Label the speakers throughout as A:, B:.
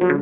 A: በስመ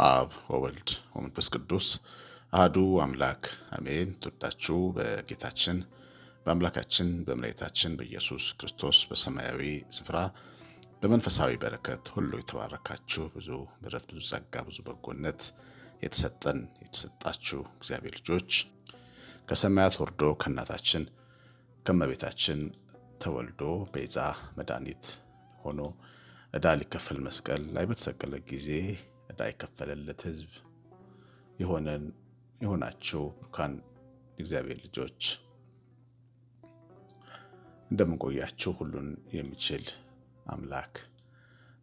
A: አብ ወወልድ ወመንፈስ ቅዱስ አህዱ አምላክ አሜን። ትወዳችሁ በጌታችን በአምላካችን በመድኃኒታችን በኢየሱስ ክርስቶስ በሰማያዊ ስፍራ በመንፈሳዊ በረከት ሁሉ የተባረካችሁ ብዙ ምሕረት፣ ብዙ ጸጋ፣ ብዙ በጎነት የተሰጠን የተሰጣችሁ እግዚአብሔር ልጆች ከሰማያት ወርዶ ከእናታችን ከመቤታችን ተወልዶ ቤዛ መድኃኒት ሆኖ ዕዳ ሊከፈል መስቀል ላይ በተሰቀለ ጊዜ ዕዳ የከፈለለት ሕዝብ የሆነን የሆናችሁ ብሩካን እግዚአብሔር ልጆች እንደምንቆያችሁ ሁሉን የሚችል አምላክ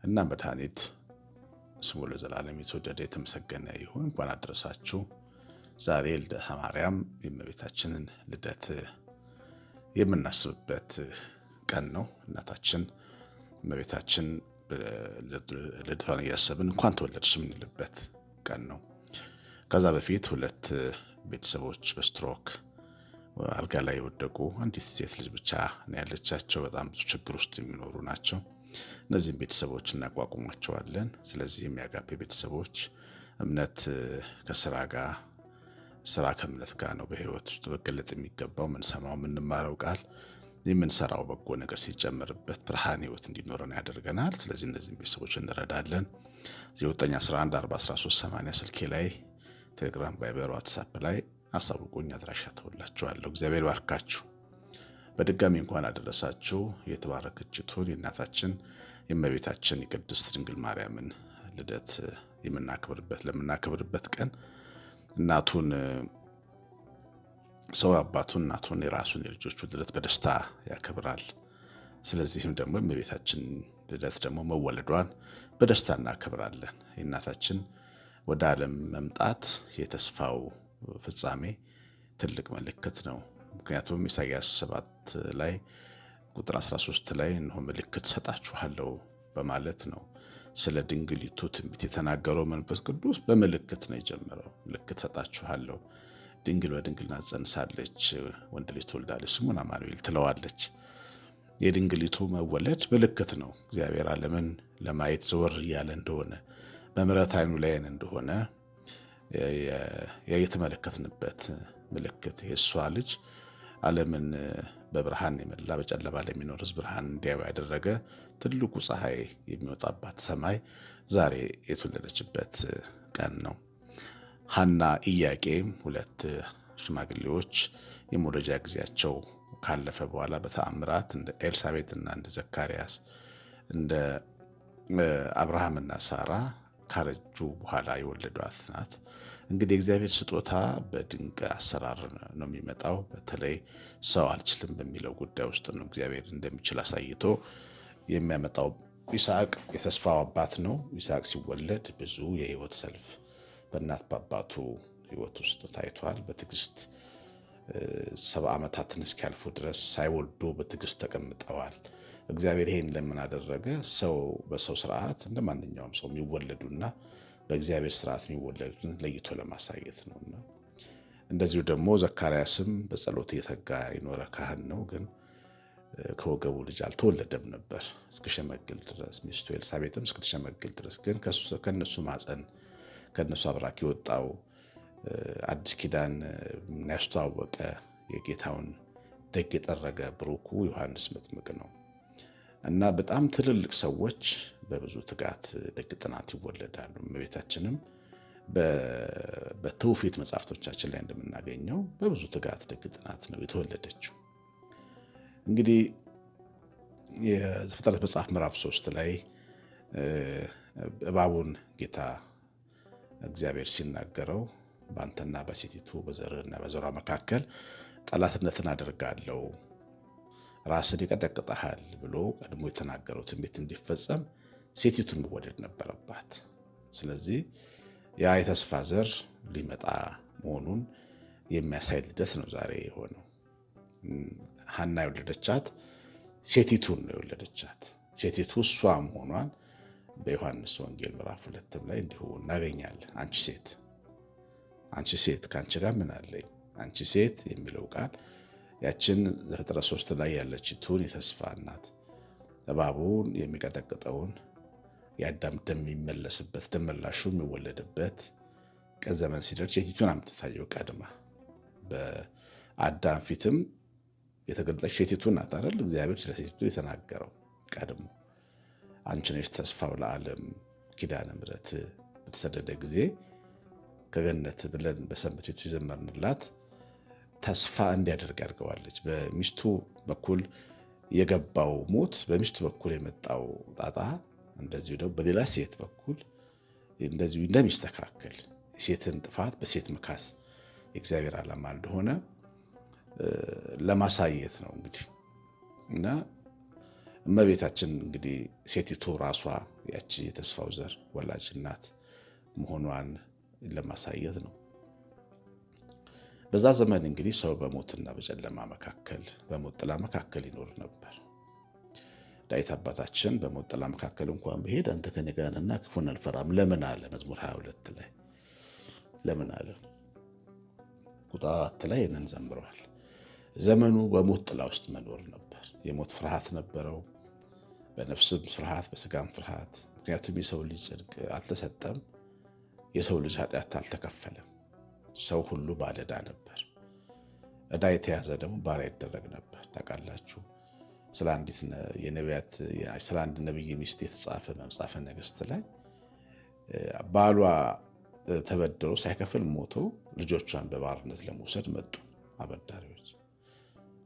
A: እና መድኃኒት ስሙ ለዘላለም የተወደደ የተመሰገነ ይሁን። እንኳን አደረሳችሁ። ዛሬ ልደተ ማርያም የእመቤታችንን ልደት የምናስብበት ቀን ነው። እናታችን እመቤታችን ልደቷን እያሰብን እንኳን ተወለድሽ የምንልበት ቀን ነው። ከዛ በፊት ሁለት ቤተሰቦች በስትሮክ አልጋ ላይ የወደቁ አንዲት ሴት ልጅ ብቻ ነው ያለቻቸው። በጣም ብዙ ችግር ውስጥ የሚኖሩ ናቸው። እነዚህም ቤተሰቦች እናቋቁሟቸዋለን። ስለዚህም የአጋፔ ቤተሰቦች እምነት ከስራ ጋር ስራ ከእምነት ጋር ነው በህይወት ውስጥ በገለጥ የሚገባው ምንሰማው የምንማረው ቃል የምንሰራው በጎ ነገር ሲጨመርበት ብርሃን ህይወት እንዲኖረን ያደርገናል። ስለዚህ እነዚህም ቤተሰቦች እንረዳለን። 9114138 ስልኬ ላይ ቴሌግራም፣ ቫይበር፣ ዋትሳፕ ላይ አሳውቁኝ። አድራሻ ተውላችኋለሁ። እግዚአብሔር ባርካችሁ። በድጋሚ እንኳን አደረሳችሁ። የተባረክችቱን የእናታችን የእመቤታችን የቅድስት ድንግል ማርያምን ልደት የምናክብርበት ለምናክብርበት ቀን እናቱን ሰው አባቱን እናቱን የራሱን የልጆቹን ልደት በደስታ ያከብራል። ስለዚህም ደግሞ የእመቤታችን ልደት ደግሞ መወለዷን በደስታ እናከብራለን። የእናታችን ወደ ዓለም መምጣት የተስፋው ፍጻሜ ትልቅ ምልክት ነው። ምክንያቱም ኢሳያስ 7 ላይ ቁጥር 13 ላይ እነሆ ምልክት ሰጣችኋለሁ በማለት ነው ስለ ድንግሊቱ ትንቢት የተናገረው። መንፈስ ቅዱስ በምልክት ነው የጀመረው። ምልክት ሰጣችኋለሁ፣ ድንግል በድንግልና ጸንሳለች፣ ወንድ ልጅ ትወልዳለች፣ ስሙን አማኑኤል ትለዋለች። የድንግሊቱ መወለድ ምልክት ነው። እግዚአብሔር ዓለምን ለማየት ዘወር እያለ እንደሆነ በምሕረት ዓይኑ ላይን እንደሆነ የተመለከትንበት ምልክት የእሷ ልጅ ዓለምን በብርሃን የመላ በጨለማ ለሚኖር ብርሃን እንዲያዩ ያደረገ ትልቁ ፀሐይ የሚወጣባት ሰማይ ዛሬ የተወለደችበት ቀን ነው። ሐና ኢያቄም ሁለት ሽማግሌዎች የመውለጃ ጊዜያቸው ካለፈ በኋላ በተአምራት እንደ እና እንደ ዘካርያስ እንደ አብርሃምና ሳራ ካረጁ በኋላ የወለዷት ናት። እንግዲህ እግዚአብሔር ስጦታ በድንቅ አሰራር ነው የሚመጣው። በተለይ ሰው አልችልም በሚለው ጉዳይ ውስጥ ነው እግዚአብሔር እንደሚችል አሳይቶ የሚያመጣው። ይስሐቅ የተስፋው አባት ነው። ይስሐቅ ሲወለድ ብዙ የህይወት ሰልፍ በእናት በአባቱ ህይወት ውስጥ ታይቷል። በትዕግስት ሰባ ዓመታትን እስኪያልፉ ድረስ ሳይወልዱ በትዕግስት ተቀምጠዋል። እግዚአብሔር ይሄን ለምን አደረገ? ሰው በሰው ስርዓት እንደ ማንኛውም ሰው የሚወለዱና በእግዚአብሔር ስርዓት የሚወለዱትን ለይቶ ለማሳየት ነው። እንደዚሁ ደግሞ ዘካርያስም በጸሎት እየተጋ የኖረ ካህን ነው። ግን ከወገቡ ልጅ አልተወለደም ነበር እስክሸመግል ድረስ ሚስቱ ኤልሳቤጥም እስክትሸመግል ድረስ። ግን ከነሱ ማፀን ከነሱ አብራክ የወጣው አዲስ ኪዳን ያስተዋወቀ የጌታውን ደግ የጠረገ ብሩኩ ዮሐንስ መጥምቅ ነው። እና በጣም ትልልቅ ሰዎች በብዙ ትጋት ደግ ጥናት ይወለዳሉ። እመቤታችንም በትውፊት መጽሐፍቶቻችን ላይ እንደምናገኘው በብዙ ትጋት ደግ ጥናት ነው የተወለደችው። እንግዲህ የዘፍጥረት መጽሐፍ ምዕራፍ ሶስት ላይ እባቡን ጌታ እግዚአብሔር ሲናገረው በአንተና በሴቲቱ በዘርህና በዘሯ መካከል ጠላትነትን አደርጋለሁ ራስን ይቀጠቅጠሃል ብሎ ቀድሞ የተናገረው ትንቢት እንዲፈጸም ሴቲቱን መወደድ ነበረባት። ስለዚህ ያ የተስፋ ዘር ሊመጣ መሆኑን የሚያሳይ ልደት ነው ዛሬ የሆነው። ሀና የወለደቻት ሴቲቱን ነው የወለደቻት። ሴቲቱ እሷ መሆኗን በዮሐንስ ወንጌል ምዕራፍ ሁለትም ላይ እንዲሁ እናገኛለን። አንቺ ሴት አንቺ ሴት ከአንቺ ጋር ምን አለኝ አንቺ ሴት የሚለው ቃል ያችን ዘፍጥረት ሶስት ላይ ያለችቱን የተስፋ እናት እባቡን የሚቀጠቅጠውን የአዳም ደም የሚመለስበት ደመላሹ የሚወለድበት ቀን ዘመን ሲደርስ ሴቲቱን አምትታየው ቀድማ በአዳም ፊትም የተገለጠች ሴቲቱ ናት አይደል? እግዚአብሔር ስለ ሴቲቱ የተናገረው ቀድሞ አንቺ ነሽ ተስፋው ለዓለም ኪዳነ ምሕረት በተሰደደ ጊዜ ከገነት ብለን በሰንበት ቤቱ የዘመርንላት ተስፋ እንዲያደርግ አድርገዋለች። በሚስቱ በኩል የገባው ሞት፣ በሚስቱ በኩል የመጣው ጣጣ፣ እንደዚሁ ደግሞ በሌላ ሴት በኩል እንደዚሁ እንደሚስተካከል ሴትን ጥፋት በሴት መካስ የእግዚአብሔር ዓላማ እንደሆነ ለማሳየት ነው እንግዲህ እና እመቤታችን እንግዲህ ሴቲቱ ራሷ ያቺ የተስፋው ዘር ወላጅ እናት መሆኗን ለማሳየት ነው። በዛ ዘመን እንግዲህ ሰው በሞትና በጨለማ መካከል በሞት ጥላ መካከል ይኖር ነበር። ዳዊት አባታችን በሞት ጥላ መካከል እንኳን ብሄድ አንተ ከእኔ ጋር ነህና ክፉን አልፈራም ለምን አለ። መዝሙር 22 ላይ ለምን አለ። ቁጣት ላይ ይህንን ዘምረዋል። ዘመኑ በሞት ጥላ ውስጥ መኖር ነበር። የሞት ፍርሃት ነበረው፣ በነፍስም ፍርሃት፣ በስጋም ፍርሃት። ምክንያቱም የሰው ልጅ ጽድቅ አልተሰጠም፣ የሰው ልጅ ኃጢአት አልተከፈለም። ሰው ሁሉ ባለዳ ነበር። እዳ የተያዘ ደግሞ ባሪያ ይደረግ ነበር። ታውቃላችሁ ስለ አንዲት የነቢያት ስለ አንድ ነብይ ሚስት የተጻፈ መጽሐፈ ነገሥት ላይ ባሏ ተበድሮ ሳይከፍል ሞቶ ልጆቿን በባርነት ለመውሰድ መጡ አበዳሪዎች።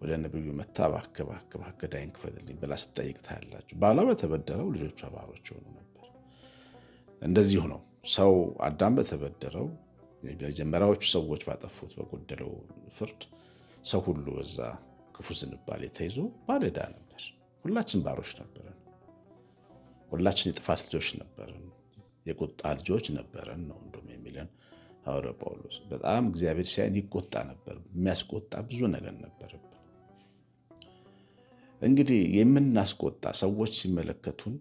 A: ወደ ነብዩ መታ እባክህ እባክህ እባክህ ክፈልልኝ ብላ ስጠይቅ ታያላችሁ። ባሏ በተበደረው ልጆቿ ባሮች ሆኑ ነበር። እንደዚሁ ነው ሰው አዳም በተበደረው የመጀመሪያዎቹ ሰዎች ባጠፉት በጎደለው ፍርድ ሰው ሁሉ በዛ ክፉ ዝንባሌ ተይዞ ባለዳ ነበር። ሁላችን ባሮች ነበረን። ሁላችን የጥፋት ልጆች ነበረን። የቁጣ ልጆች ነበረን ነው እንደውም የሚለን ሐዋርያው ጳውሎስ። በጣም እግዚአብሔር ሲያይን ይቆጣ ነበር። የሚያስቆጣ ብዙ ነገር ነበረብን። እንግዲህ የምናስቆጣ ሰዎች ሲመለከቱን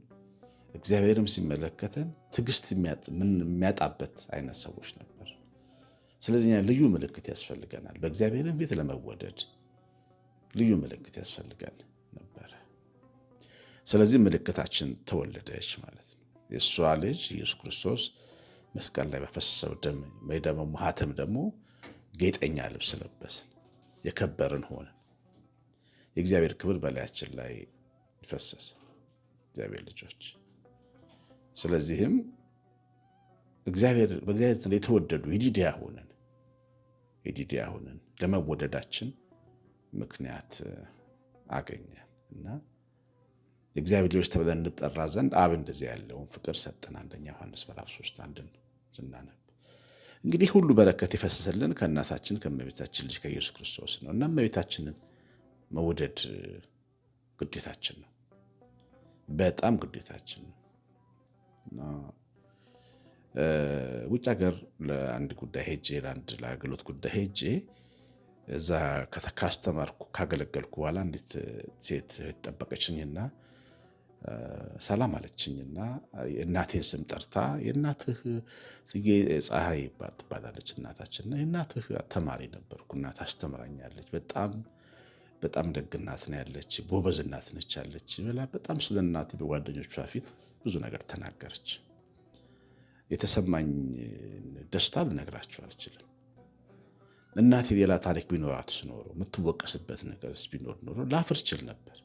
A: እግዚአብሔርም ሲመለከተን ትዕግስት የሚያጣበት አይነት ሰዎች ነበር። ስለዚህ ልዩ ምልክት ያስፈልገናል። በእግዚአብሔርም ፊት ለመወደድ ልዩ ምልክት ያስፈልጋል ነበረ። ስለዚህ ምልክታችን ተወለደች ማለት ነው። የእሷ ልጅ ኢየሱስ ክርስቶስ መስቀል ላይ በፈሰሰው ደም ደሞ ማህተም ደግሞ ጌጠኛ ልብስ ለበስን፣ የከበርን ሆንን። የእግዚአብሔር ክብር በላያችን ላይ ይፈሰሰ እግዚአብሔር ልጆች። ስለዚህም በእግዚአብሔር የተወደዱ ይዲዲያ ሆንን። ኤዲዲ አሁንን ለመወደዳችን ምክንያት አገኘ እና የእግዚአብሔር ልጆች ተብለን እንጠራ ዘንድ አብ እንደዚህ ያለውን ፍቅር ሰጠን። አንደኛ ዮሐንስ ምዕራፍ ሶስት አንድን ስናነብ እንግዲህ ሁሉ በረከት የፈሰሰልን ከእናታችን ከእመቤታችን ልጅ ከኢየሱስ ክርስቶስ ነው እና እመቤታችንን መውደድ ግዴታችን ነው። በጣም ግዴታችን ነው። ውጭ ሀገር ለአንድ ጉዳይ ሄጄ ለአንድ ለአገሎት ጉዳይ ሄጄ እዛ ካስተማርኩ ካገለገልኩ በኋላ አንዲት ሴት ጠበቀችኝና ሰላም አለችኝና እናቴን ስም ጠርታ የእናትህ እትዬ ፀሐይ ትባላለች እናታችንና የእናትህ ተማሪ ነበርኩ እናት አስተምራኛለች በጣም በጣም ደግ እናት ነው ያለች ጎበዝ እናት ነች ያለች ብላ በጣም ስለ እናት በጓደኞቿ ፊት ብዙ ነገር ተናገረች የተሰማኝ ደስታ ልነግራቸው አልችልም። እናቴ ሌላ ታሪክ ቢኖራት ኖሮ የምትወቀስበት ነገር ቢኖር ኖሮ ላፍር ችል ነበር።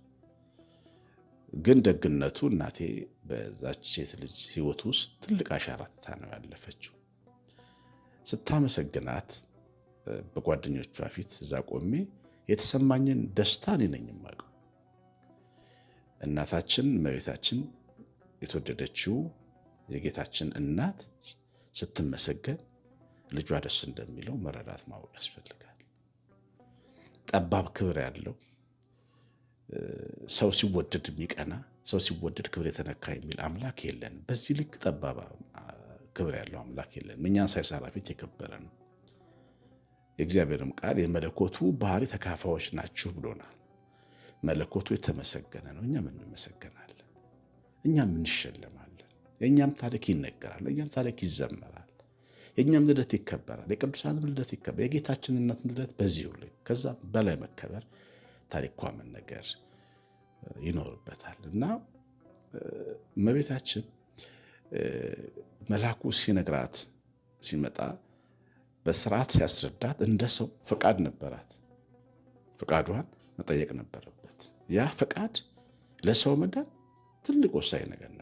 A: ግን ደግነቱ እናቴ በዛች ሴት ልጅ ህይወት ውስጥ ትልቅ አሻራታ ነው ያለፈችው። ስታመሰግናት በጓደኞቿ ፊት እዛ ቆሜ የተሰማኝን ደስታ እኔ ነኝ የማውቀው። እናታችን እመቤታችን የተወደደችው የጌታችን እናት ስትመሰገን ልጇ ደስ እንደሚለው መረዳት ማወቅ ያስፈልጋል። ጠባብ ክብር ያለው ሰው ሲወደድ የሚቀና ሰው ሲወደድ ክብር የተነካ የሚል አምላክ የለን። በዚህ ልክ ጠባብ ክብር ያለው አምላክ የለን። እኛን ሳይሰራ ፊት የከበረ ነው። የእግዚአብሔርም ቃል የመለኮቱ ባህሪ ተካፋዮች ናችሁ ብሎናል። መለኮቱ የተመሰገነ ነው። እኛ ምን እንመሰገናለን? እኛ ምን የእኛም ታሪክ ይነገራል፣ የእኛም ታሪክ ይዘመራል፣ የእኛም ልደት ይከበራል፣ የቅዱሳንም ልደት ይከበራል። የጌታችን እናት ልደት በዚሁ ልክ ከዛ በላይ መከበር ታሪኳ መነገር ይኖርበታል እና እመቤታችን መልአኩ ሲነግራት ሲመጣ በስርዓት ሲያስረዳት እንደ ሰው ፈቃድ ነበራት። ፈቃዷን መጠየቅ ነበረበት። ያ ፈቃድ ለሰው መዳን ትልቅ ወሳኝ ነገር ነው።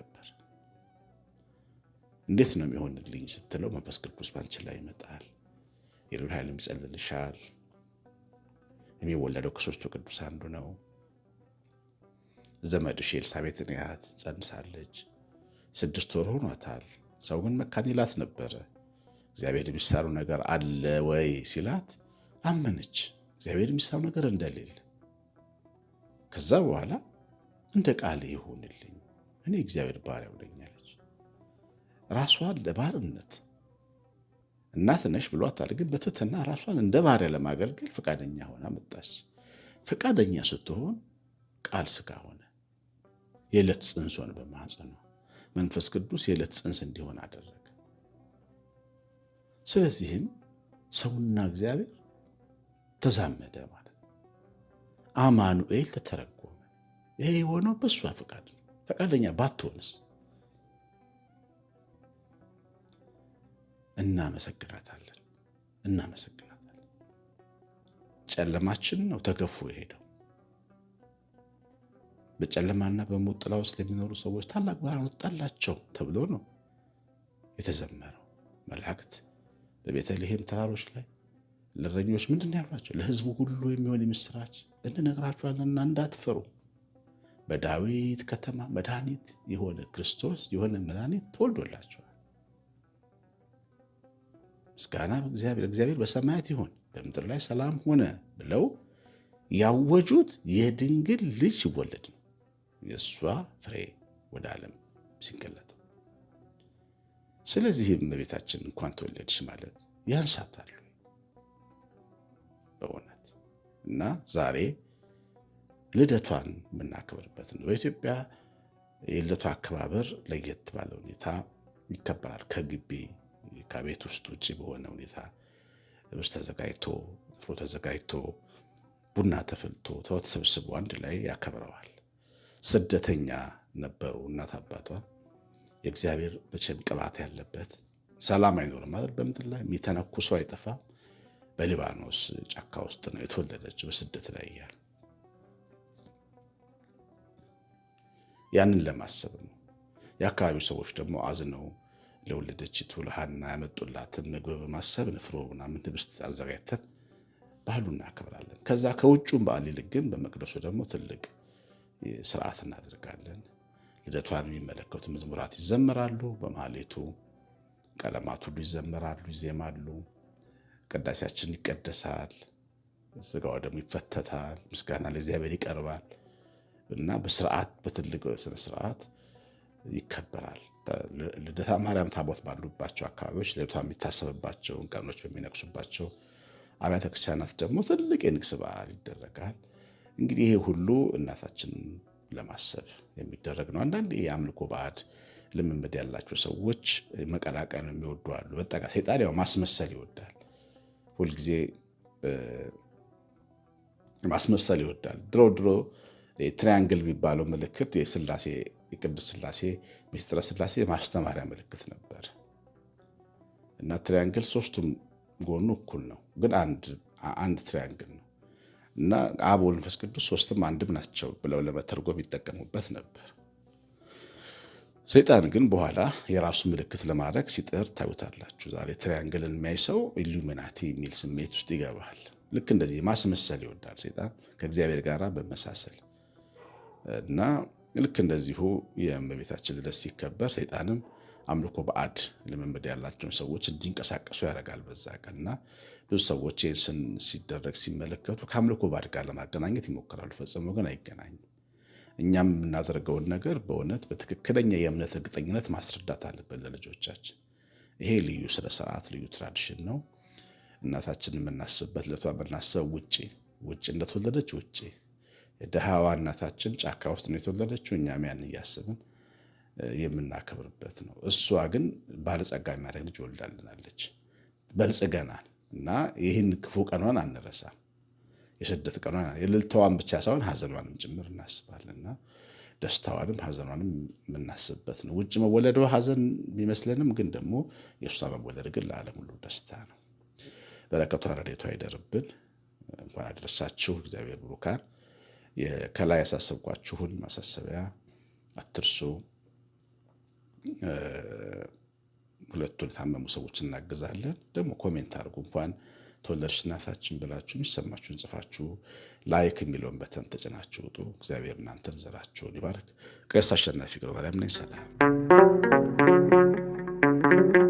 A: እንዴት ነው የሚሆንልኝ ስትለው መንፈስ ቅዱስ ባንቺ ላይ ይመጣል፣ የልዑል ኃይልም ይጸልልሻል። የሚወለደው ከሶስቱ ቅዱስ አንዱ ነው። ዘመድሽ ኤልሳቤጥን ያት ጸንሳለች፣ ስድስት ወር ሆኗታል። ሰው ግን መካን ይላት ነበረ። እግዚአብሔር የሚሰራው ነገር አለ ወይ ሲላት አመነች፣ እግዚአብሔር የሚሰራው ነገር እንደሌለ። ከዛ በኋላ እንደ ቃል ይሁንልኝ፣ እኔ እግዚአብሔር ባሪያው ነኝ አለች። ራሷን ለባርነት እናት ነሽ ብሎ አታድርግም። በትህትና ራሷን እንደ ባሪያ ለማገልገል ፈቃደኛ ሆና መጣች። ፈቃደኛ ስትሆን ቃል ስጋ ሆነ። የዕለት ጽንሶን በማሕፀኗ መንፈስ ቅዱስ የዕለት ጽንስ እንዲሆን አደረገ። ስለዚህም ሰውና እግዚአብሔር ተዛመደ ማለት ነው። አማኑኤል ተተረጎመ። ይሄ የሆነው በእሷ ፈቃድ ነው። ፈቃደኛ ባትሆንስ እናመሰግናታለን እናመሰግናታለን። ጨለማችን ነው ተገፎ የሄደው። በጨለማና በሞት ጥላ ውስጥ ለሚኖሩ ሰዎች ታላቅ ብርሃን ወጣላቸው ተብሎ ነው የተዘመረው። መላእክት በቤተልሔም ተራሮች ላይ ለረኞች ምንድን ያሏቸው? ለሕዝቡ ሁሉ የሚሆን የምስራች እንነግራችኋለንና እንዳትፈሩ፣ በዳዊት ከተማ መድኃኒት የሆነ ክርስቶስ የሆነ መድኃኒት ተወልዶላቸዋል። ምስጋና በእግዚአብሔር እግዚአብሔር በሰማያት ይሁን በምድር ላይ ሰላም ሆነ ብለው ያወጁት የድንግል ልጅ ሲወለድ ነው። የእሷ ፍሬ ወደ ዓለም ሲገለጥ፣ ስለዚህም እመቤታችን እንኳን ተወለድሽ ማለት ያንሳታሉ በእውነት እና ዛሬ ልደቷን የምናከብርበት ነው። በኢትዮጵያ የልደቷ አከባበር ለየት ባለ ሁኔታ ይከበራል ከግቢ ከቤት ውስጥ ውጭ በሆነ ሁኔታ ብስ ተዘጋጅቶ ንፍሮ ተዘጋጅቶ ቡና ተፈልቶ ተሰብስቦ አንድ ላይ ያከብረዋል። ስደተኛ ነበሩ እናት አባቷ። የእግዚአብሔር መቼም ቅባት ያለበት ሰላም አይኖርም ማለት በምድር ላይ የሚተነኩሰው አይጠፋም። በሊባኖስ ጫካ ውስጥ ነው የተወለደች በስደት ላይ እያል ያንን ለማሰብ ነው። የአካባቢው ሰዎች ደግሞ አዝነው ለወለደችቱ ለሃና ያመጡላትን ምግብ በማሰብ ንፍሮ ምናምን ህብስት አዘጋጅተን ባህሉ እናከብራለን። ከዛ ከውጩም በዓል ይልቅ ግን በመቅደሱ ደግሞ ትልቅ ስርዓት እናደርጋለን። ልደቷን የሚመለከቱ መዝሙራት ይዘመራሉ። በማሌቱ ቀለማት ሁሉ ይዘመራሉ፣ ይዜማሉ። ቅዳሴያችን ይቀደሳል። ስጋው ደግሞ ይፈተታል። ምስጋና ለእግዚአብሔር ይቀርባል እና በስርዓት በትልቅ ስነስርዓት ይከበራል። ልደታ ማርያም ታቦት ባሉባቸው አካባቢዎች ልደቷ የሚታሰብባቸውን ቀኖች በሚነግሱባቸው አብያተ ክርስቲያናት ደግሞ ትልቅ የንግስ በዓል ይደረጋል። እንግዲህ ይሄ ሁሉ እናታችንን ለማሰብ የሚደረግ ነው። አንዳንድ የአምልኮ ባዕድ ልምምድ ያላቸው ሰዎች መቀላቀል የሚወዱ አሉ። በጠቃ ሴጣን ያው ማስመሰል ይወዳል፣ ሁልጊዜ ማስመሰል ይወዳል። ድሮ ድሮ ትሪያንግል የሚባለው ምልክት የስላሴ የቅዱስ ስላሴ ምስጢረ ስላሴ ማስተማሪያ ምልክት ነበር እና ትሪያንግል ሶስቱም ጎኑ እኩል ነው፣ ግን አንድ ትሪያንግል ነው እና አብ ወልድ መንፈስ ቅዱስ ሶስትም አንድም ናቸው ብለው ለመተርጎም ይጠቀሙበት ነበር። ሰይጣን ግን በኋላ የራሱ ምልክት ለማድረግ ሲጥር ታዩታላችሁ። ዛሬ ትሪያንግልን የሚያይ ሰው ኢሉሚናቲ የሚል ስሜት ውስጥ ይገባል። ልክ እንደዚህ ማስመሰል ይወዳል ሰይጣን ከእግዚአብሔር ጋር በመሳሰል እና ልክ እንደዚሁ የእመቤታችን ልደት ሲከበር ሰይጣንም አምልኮ በአድ ልምምድ ያላቸውን ሰዎች እንዲንቀሳቀሱ ያደርጋል በዛ ቀን እና ብዙ ሰዎች ይህን ሲደረግ ሲመለከቱ ከአምልኮ በአድ ጋር ለማገናኘት ይሞክራሉ። ፈጽሞ ግን አይገናኙም። እኛም የምናደርገውን ነገር በእውነት በትክክለኛ የእምነት እርግጠኝነት ማስረዳት አለብን ለልጆቻችን። ይሄ ልዩ ስነ ስርዓት ልዩ ትራዲሽን ነው። እናታችንን የምናስብበት ለቷ የምናስበው ውጭ ውጭ እንደተወለደች ውጭ የደሃዋ እናታችን ጫካ ውስጥ ነው የተወለደችው። እኛም ያን እያስብን የምናከብርበት ነው። እሷ ግን ባለጸጋ የሚያደርግ ልጅ ወልዳልናለች። በልጽገናል እና ይህን ክፉ ቀኗን አንረሳም። የስደት ቀኗን የልልተዋን ብቻ ሳይሆን ሀዘኗንም ጭምር እናስባለንና ደስታዋንም ሀዘኗንም የምናስብበት ነው። ውጭ መወለደው ሀዘን ቢመስለንም ግን ደግሞ የእሷ መወለድ ግን ለዓለም ሁሉ ደስታ ነው። በረከቷ ረድኤቷ አይደርብን እንኳን አደረሳችሁ። እግዚአብሔር ብሩካን ከላይ ያሳሰብኳችሁን ማሳሰቢያ አትርሱ። ሁለቱን የታመሙ ሰዎች እናግዛለን። ደግሞ ኮሜንት አድርጉ። እንኳን ተወለድሽ እናታችን ብላችሁ የሚሰማችሁን ጽፋችሁ ላይክ የሚለውን በተን ተጭናችሁ ውጡ። እግዚአብሔር እናንተን ዘራችሁን ይባርክ። ቀሲስ አሸናፊ ገብረ ማርያም ነኝ። ሰላም